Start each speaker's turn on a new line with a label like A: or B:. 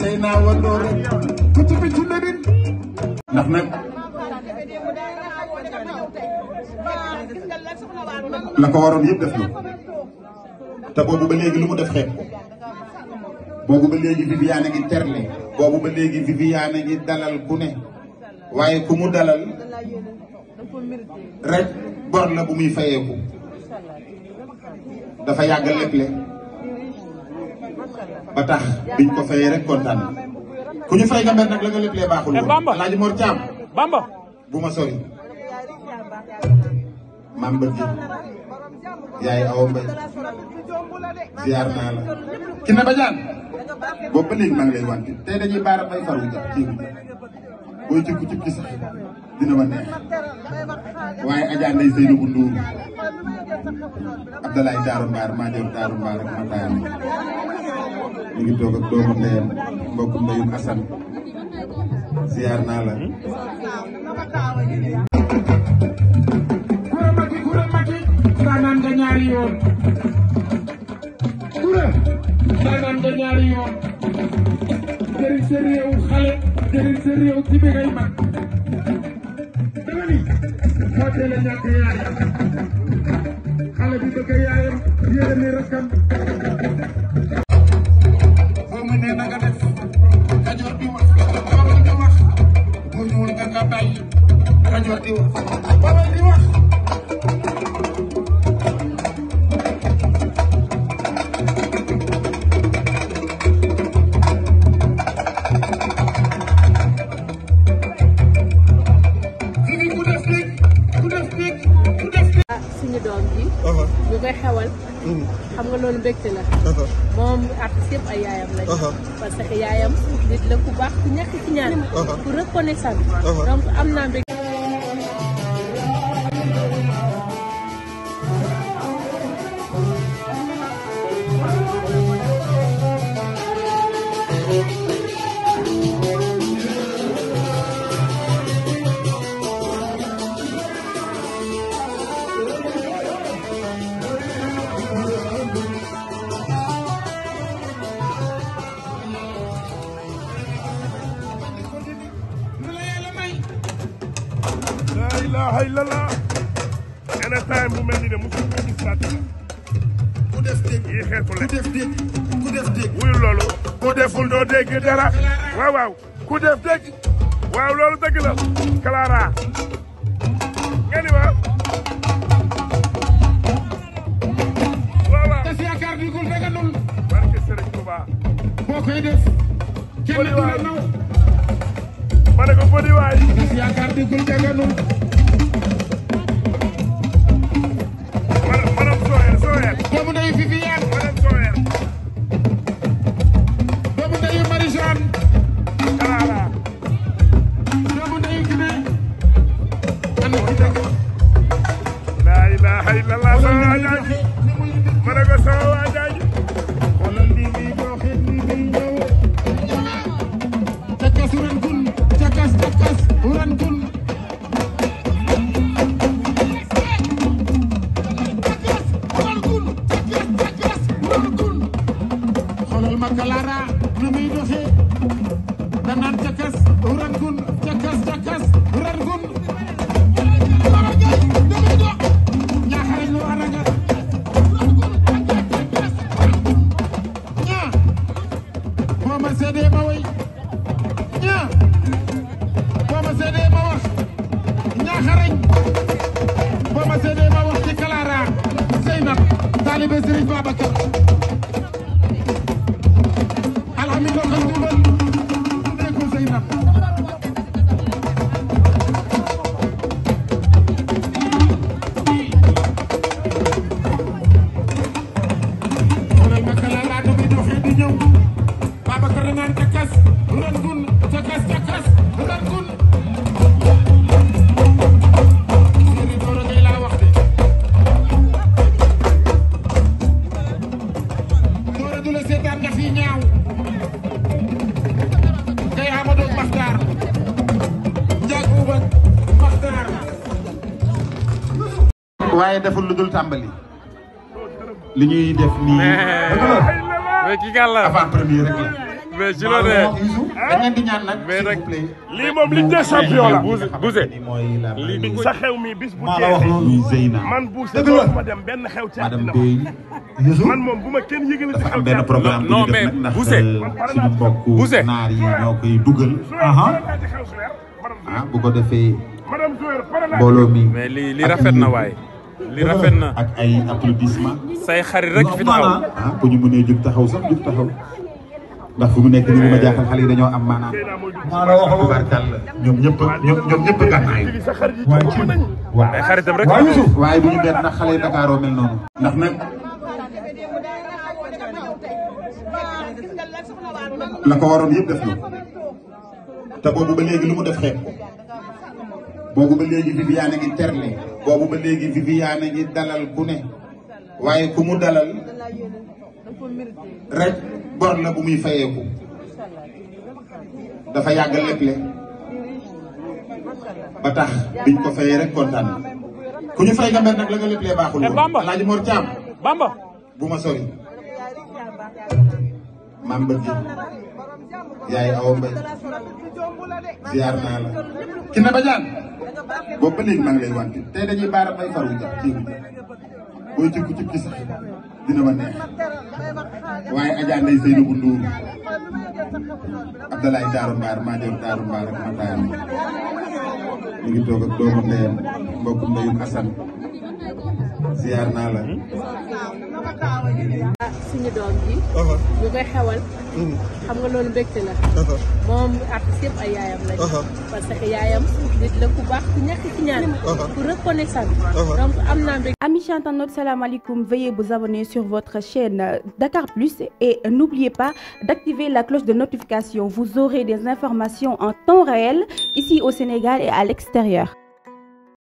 A: tey naa wandoo rek ku ci bitti lebin ndax nag la ko waroon yëpp def na
B: te boobu ba léegi lu mu def xeeb ko boobu ba léegi Viviane ngi terle boobu ba léegi Viviane ngi dalal ku ne waaye ku mu dalal rek bor la bu muy fayeeku
A: dafa yàgg leble
B: ba tax biñ ko fayee rek kontaan ku ñu fay nga mer nag la nga lépp lee baaxul eh, woon Alaaji Mor Thiam Bamba bu ma sori maam bët
A: yaay awa mbay
B: ziar naa bajaan boobu ba léegi maa ngi lay wante baara bay faru ja ciiru ku ci sax dina ma neex waaye Adja Ndeye Seydou Ndour Abdoulaye Darou Mbar Madior Darou Mbar ak Matar
A: ñu ngi toog ak doomu ndeyam mbokku
B: ndeyum Assane ziar naa la.
A: Koura Macky Koura Macky. daanaan nga ñaari yoon. Koura. daanaan nga ñaari yoon. jëriñ sa réew xale. jëriñ sa réew ci bi ngay mag. moo teel a ñàkk xale bi bëgg yaayam yéene ni rakkam boo mu nee na nga kajoor di wax kajoor di wax mu ñuul nga nga bàyyi kajoor wax loolu mbégte la. Uh-huh. moom artiste yëpp a yaayam lañ. Uh-huh. parce que yaayam
B: nit la ku baax ku ñàkk ci ñaan. Uh-huh. ku reconnaissant. donc am naa mbégte
A: ilaha illallah de musu ko ku def dégg yi xeetu lekk ku def dégg ku def dégg wuyu loolu ku deful doo waaw ku def dégg waaw loolu dëgg la Clara nga ni ma boo koy def kenn du la naw ma ne ko fodi waay fi cakas huran kun cakas cakas huran kun ma seede ma way ñaa boo ma seede ma wax ñaa xarañ boo ma seede ma wax ci Kalaara Zeynab taalibe Serigne Babacar alhamdulilah
B: waaye deful lu dul tàmbali
A: li ñuy def nii. mais ki gàll la avant premier ci loolu
B: dañ leen di ñaan nag. mais rek lii moom liñ des champion la. Bousse lii sa xew
A: mi bis bu jeexee man Bousse doo ma dem benn xew ci àddina man moom bu ma kenn yëgalee ci xew benn programme non mais Bousse suñu
B: mbokk naar yi dugal.
A: ah
B: bu ko defee
A: mbooloo mi. mais lii lii rafet na waaye.
B: li rafet na ak ay applaudissement
A: say xarit rek fi taxaw ah
B: bu ñu mënee jóg taxaw sax jóg taxaw ndax fu mu nekk ni li ma jaaxal xale yi dañoo am maanaam. maanaam wax tubaarkàlla ñoom ñëpp ñoom ñoom waaye ci waaw rek. waaye Youssouf waaye bu ñu benn ndax xale yi Ndakaaroo mel noonu. ndax nag. la ko waroon yëpp def na. te boobu ba léegi lu mu def xeeb boobu ba léegi Viviane gi terle boobu ba léegi Viviane ngi dalal ku ne waaye ku mu dalal rek bor la bu muy fayeeku
A: dafa yàgg leble
B: ba tax biñ ko fayee rek kontaan ku ñu fay nga nag la nga leblee baaxul woon eh, Alaaji Mor Caam Bamba bu ma sori maam bëgg yaay awa mbay ziar naa la ki na bajaan boobu ba léegi maa ngi lay wante tey dañuy baara may faru ja ciibu ja booy jikku ci ki sax dina ma neex waaye Adja Ndeye Seynabou Ndour Abdoulaye Darou Mbar Madior Darou Mbar ak Mataar
A: mi ngi toog ak doomu ndeyam mbokku ndeyum
B: Assane ziar naa la.
A: ah suñu doom bi. ñu uh-huh. koy xewal. Mm. xam nga loolu mbégte la. Uh-huh.
B: moom artiste yëpp ay yaayam lañ. Uh-huh. parce que yaayam nit la ku baax ku ñàkk ci ñaan. ku reconnaissant. donc am naa mbégte. amis internautes salaamaaleykum veuillez vous abonner sur votre chaîne euh, Dakar Plus et n'oubliez pas d'activer la cloche de notification vous aurez des informations en temps réel ici au Sénégal et à l'extérieur.